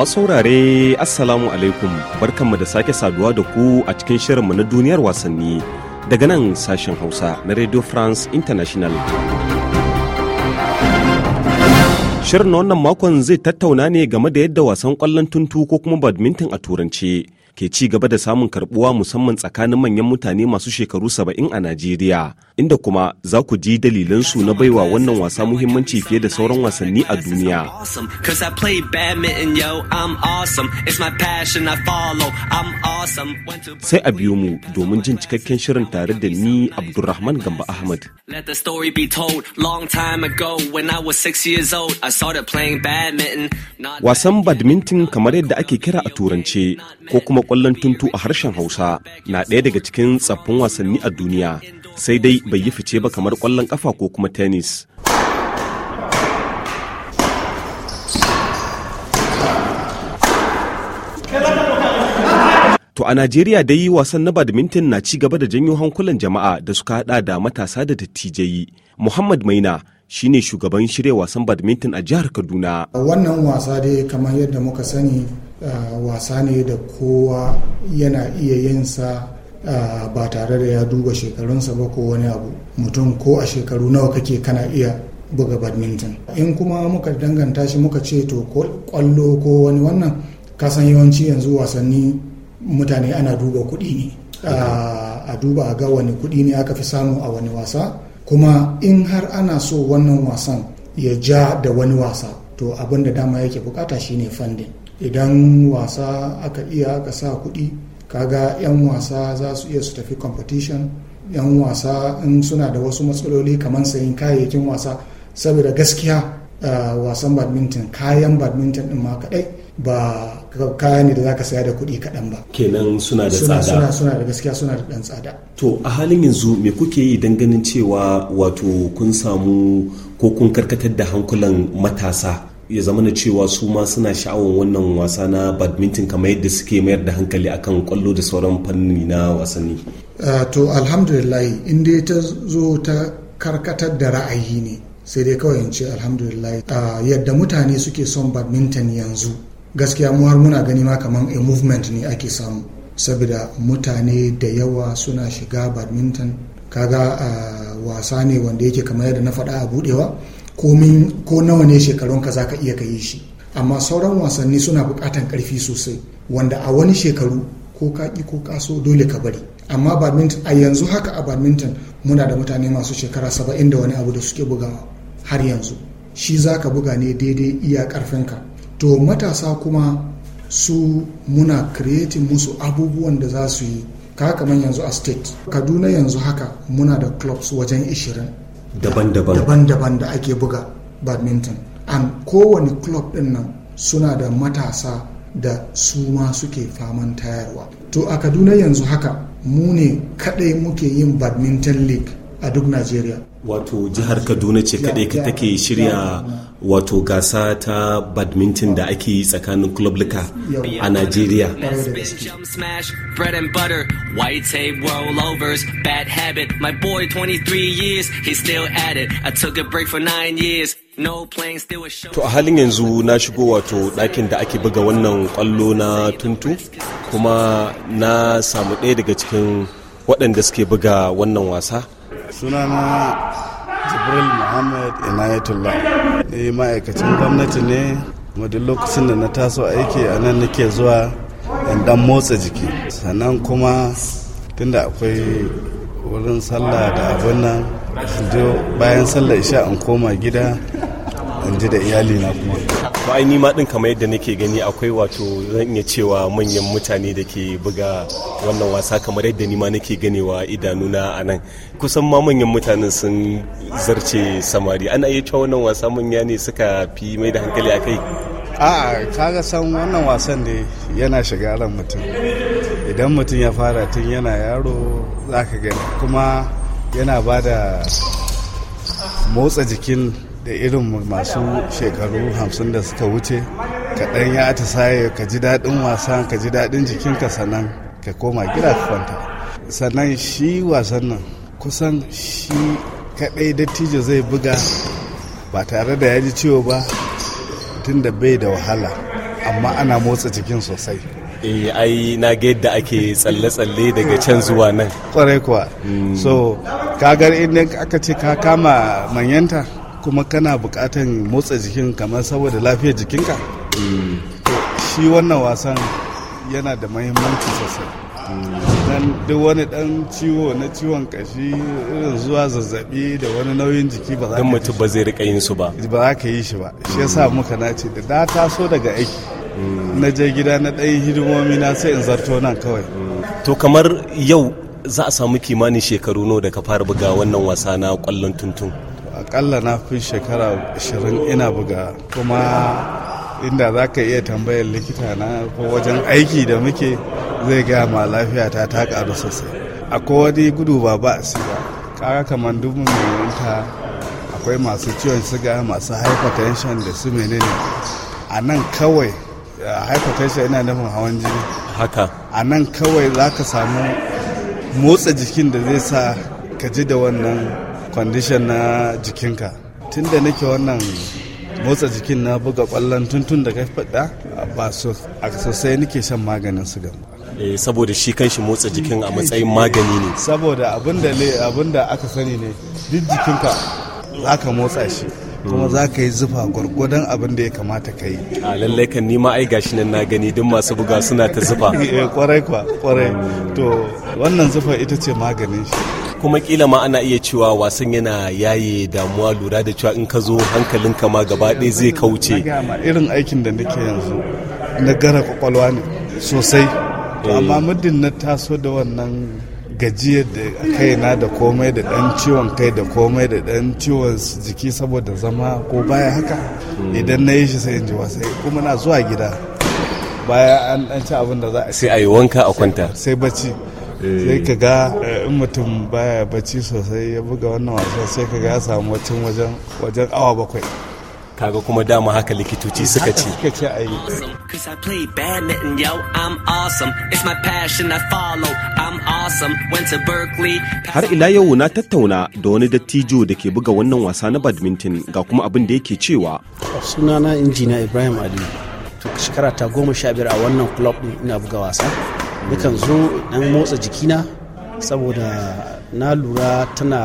Masu saurare Assalamu alaikum barkanmu da sake saduwa da ku a cikin shirinmu na duniyar wasanni daga nan sashen Hausa na Radio France International. Shirin na wannan makon zai tattauna ne game da yadda wasan kwallon tuntu ko kuma badminton a turance ke ci gaba da samun karbuwa musamman tsakanin manyan mutane masu shekaru saba'in a Najeriya, inda kuma za ku ji dalilansu na baiwa wannan wasa muhimmanci fiye da sauran wasanni a duniya. Sai a biyu mu domin jin cikakken shirin tare da ni Abdulrahman Gamba Ahmad. Wasan badminton kamar yadda ake kira a turance ko kuma kwallon tuntu a harshen hausa na ɗaya daga cikin tsaffin wasanni a duniya sai dai bai yi fice ba kamar kwallon kafa ko kuma tennis To a Najeriya dai wasan na badminton na ci gaba da janyo hankulan jama'a da suka hada da matasa da dattijai. Muhammad Maina shine shugaban shirya wasan badminton a jihar Kaduna. Wannan wasa dai kamar yadda muka sani Ah, wasa ne da kowa yana iya yin sa ah, ba tare da ya duba shekarunsa ba ko wani abu mutum ko a shekaru nawa kake kana iya buga badminton in kuma muka danganta shi muka ce to kwallo ko wani wannan kasan yawanci yanzu wasanni mutane ana duba kuɗi ne ah, a duba a ga wani kuɗi ne aka fi samu a wani wasa kuma in har ana so wannan wasan ya ja da wani wasa to abin da dama yake bukata shine funding idan wasa aka iya aka sa kuɗi kaga 'yan wasa za su iya su tafi competition 'yan wasa in suna da wasu matsaloli kamar sayin kayayyakin wasa saboda gaskiya ah, wasan badminton kayan badminton din ma kaɗai ba kaya ne da za ka saya da kuɗi kaɗan ba kenan suna da tsada suna suna da gaskiya suna da ɗan tsada to a halin yanzu me kuke yi don ganin cewa wato kun samu ko kun karkatar da hankulan matasa ya zama na cewa su ma suna sha'awar wannan wasa na badminton kamar yadda suke mayar da hankali akan kwallo da sauran fanni na wasanni ah, to alhamdulillah in dai ta zo ta karkatar da ra'ayi ne sai dai kawai in ce alhamdulillah ah, yadda mutane suke son badminton yanzu gaskiya mu har muna gani ma kamar a movement ne ake samu saboda mutane da yawa suna shiga badminton kaga ah, wasa ne wanda yake kamar yadda na faɗa a budewa ko nawa ne shekarunka za ka iya ka yi shi amma sauran wasanni suna bukatan ƙarfi sosai wanda a wani shekaru ko ka ƙi ko ka so dole ka bari amma badminton a yanzu haka a badminton muna da mutane masu shekara saba'in da wani abu da suke bugawa har yanzu shi za ka buga ne daidai iya ƙarfinka to matasa kuma su muna creating musu abubuwan da za su yi ka kamar yanzu a state kaduna yanzu haka muna da clubs wajen 20 daban-daban da ake buga badminton an kowane club din nan suna da matasa da su ma suke faman tayarwa to a kaduna yanzu haka mu ne kadai muke yin badminton league a duk najeriya wato jihar kaduna ce kadai ka take shirya wato gasa ta badminton da ake yi tsakanin club a najeriya To a halin yanzu na shigo wato ɗakin da ake buga wannan ƙwallo na tuntu kuma na samu ɗaya daga cikin waɗanda suke buga wannan wasa sunana jibril muhammad inayatullah ni ma'aikacin gwamnati ne kuma lokacin da na taso aiki a nan nake zuwa in dan motsa jiki sannan kuma tunda akwai wurin sallah da abin nan bayan sallah isha in koma gida in ji da iyalina kuma to ai nima din kamar yadda nake gani akwai wato zan iya cewa manyan mutane da ke buga wannan wasa kamar yadda nima nake ganewa idanuna a nan kusan ma manyan mutanen sun zarce samari ana iya cewa wannan wasa manya ne suka fi mai da hankali a kai a'a kaga san wannan wasan ne yana shiga ran mutum idan mutum ya fara tun yana yaro za ka gani kuma yana ba da motsa jikin da irin masu shekaru hamsin da suka wuce kaɗan ya atisaye ka ji daɗin wasan ka ji daɗin jikinka sannan ka koma gida ka kwanta sannan shi wasan nan kusan shi kaɗai dattijo zai buga ba tare da ya ji ciwo ba tun da bai da wahala amma ana motsa jikin sosai eh ai na ga yadda ake tsalle-tsalle daga can zuwa nan kwarai kuwa mm. so kagar inda aka ce ka kama manyanta kuma kana bukatan motsa jikin kamar saboda lafiyar jikinka shi wannan wasan yana da mahimmanci sosai dan duk wani dan ciwo na ciwon kashi irin zuwa zazzabi da wani nauyin jiki ba za ka mutum ba zai rika yin su ba ba za ka yi shi ba shi yasa muka nace da da taso daga aiki na je gida na ɗan hidimomi na sai in zarto nan kawai to kamar yau za a samu kimanin shekaru nawa da ka fara buga wannan wasa na kwallon tuntun akalla na fi shekara 20 ina buga kuma inda za ka iya tambayar likita na ko wajen aiki da muke zai gaya ma lafiya ta ta karu sosai akwai wani gudu ba ba siga kaga kamar dubu mai akwai masu ciwon siga masu hypertension da su menene a nan kawai hypertension ina nufin hawan jini haka a nan kawai za ka samu motsa jikin da zai sa ka ji da wannan kwandishan na jikinka tun da nake wannan motsa jikin na buga kwallon tuntun da kai faɗa ba sosai nake shan maganin su gamba eh, saboda shi kanshi motsa jikin a matsayin magani ne saboda abin da aka sani ne duk jikinka za ka motsa shi kuma za ka yi zufa gwargwadon abin da ya kamata ka yi a lallai kan nima ai gashi nan na gani duk masu buga suna ta zufa eh, kwarai kwa kwarai to wannan zufa ita ce maganin shi kuma kila ma ana iya cewa wasan yana yaye damuwa lura da cewa in ka zo ka ma gaba ɗaya zai kauce irin aikin da nake yanzu na gara kwakwalwa ne sosai eh. amma muddin na taso da wannan gajiyar da kaina da komai da dan ciwon kai da komai da dan ciwon jiki saboda zama ko baya haka hmm. idan na yi shi sai in ji wasai kuma na zuwa gida baya an dan ci abin da za a sai a yi wanka a kwanta sai bacci eh. sai ka ga in mutum baya bacci sosai ya buga wannan wasa sai ka ga ya samu wacin wajen awa bakwai kaga kuma dama haka likitoci suka ce Har ila yau na tattauna da wani dattijo da ke buga wannan wasa na badminton ga kuma abin da yake cewa. Sunana injina Ibrahim Ali. To shekara ta goma sha biyar a wannan club ina buga wasa. Nikan zo dan motsa jikina saboda na lura tana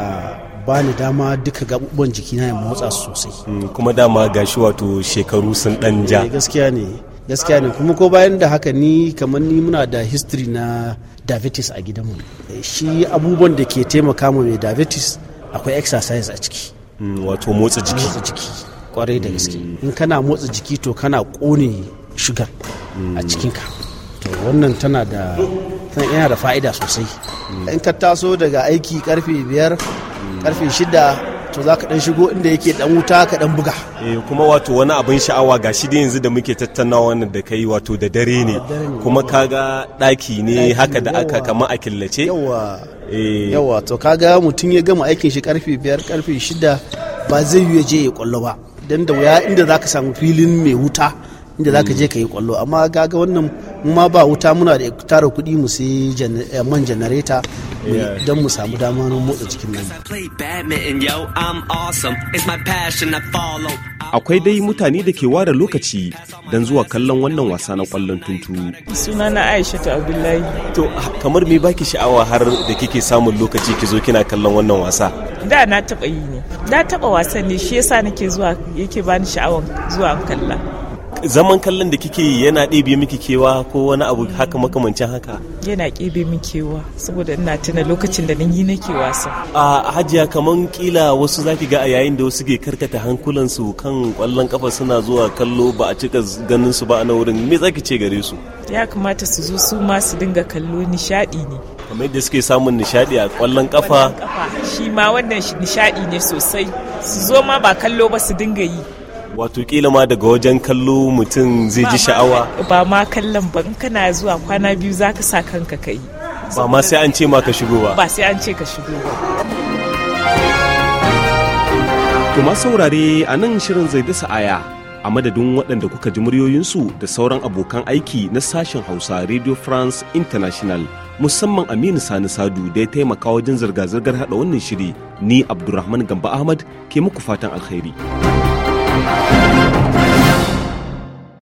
ba ni dama duka jiki na ya motsa sosai mm, kuma dama gashi wato shekaru sun ɗan ja eh, gaskiya ne gaskiya ne kuma ko bayan da haka ni kamar ni muna da history na diabetes a gidanmu eh, shi abubuwan da ke taimaka mu mai diabetes akwai exercise a ciki mm, wato motsa jiki motsa jiki kwarai da gaske mm. in kana motsa jiki to kana kone shugar a cikinka to wannan tana da yana da fa'ida sosai in ka taso daga aiki karfe biyar karfe shida to za ka dan shigo inda yake dan wuta ka dan buga eh kuma wato wani abin sha'awa ga shi yanzu da muke tattaunawa wannan da kai wato da dare ne ah, kuma kaga daki ne haka da aka kama a killace yawa eh. yawa to kaga mutum ya gama aikin shi karfe biyar karfe shida ba zai yi je ya kwallo ba dan da wuya inda za ka samu filin mai wuta inda za ka je ka yi kwallo amma gaga wannan ma ba wuta muna da tara kuɗi mu sai eh, man janareta don mu samu dama na motsa jikin nan. Akwai dai mutane da ke ware lokaci don zuwa kallon wannan wasa na kwallon tuntu. Suna na Aisha ta Abdullahi. To kamar me baki sha'awa har da kike samun lokaci ki zo kina kallon wannan wasa? Da na taɓa yi ne. Na taba wasan ne shi yasa nake zuwa yake bani sha'awan zuwa kalla. zaman kallon da kike yana ɗebe miki kewa ko wani abu haka makamancin haka yana ɗebe min kewa saboda ina tuna lokacin da nan yi nake wasa a hajiya kaman kila wasu zaki ga a yayin da wasu ke karkata hankulansu kan kwallon kafa suna zuwa kallo ba a cika ganin su ba a nan wurin me zaki ce gare su ya kamata su zo su ma su dinga kallo nishaɗi ne kamar yadda suke samun nishadi a kwallon kafa shi ma wannan nishadi ne sosai su zo ma ba kallo ba su dinga yi wato kila ma daga wajen kallo mutum zai ji sha'awa ba ma kallon ban kana zuwa kwana biyu za ka sa kanka ka yi. ba ma sai an ce ma ka shigo ba ba sai an ce ka shigo ba Kuma saurare a nan shirin zai dasa aya a madadin waɗanda kuka ji muryoyinsu da sauran abokan aiki na sashen Hausa Radio France International musamman Aminu Sani Sadu da ya taimaka wajen zirga-zirgar haɗa wannan shiri ni Abdulrahman Gamba Ahmad ke muku fatan alkhairi. Thank you.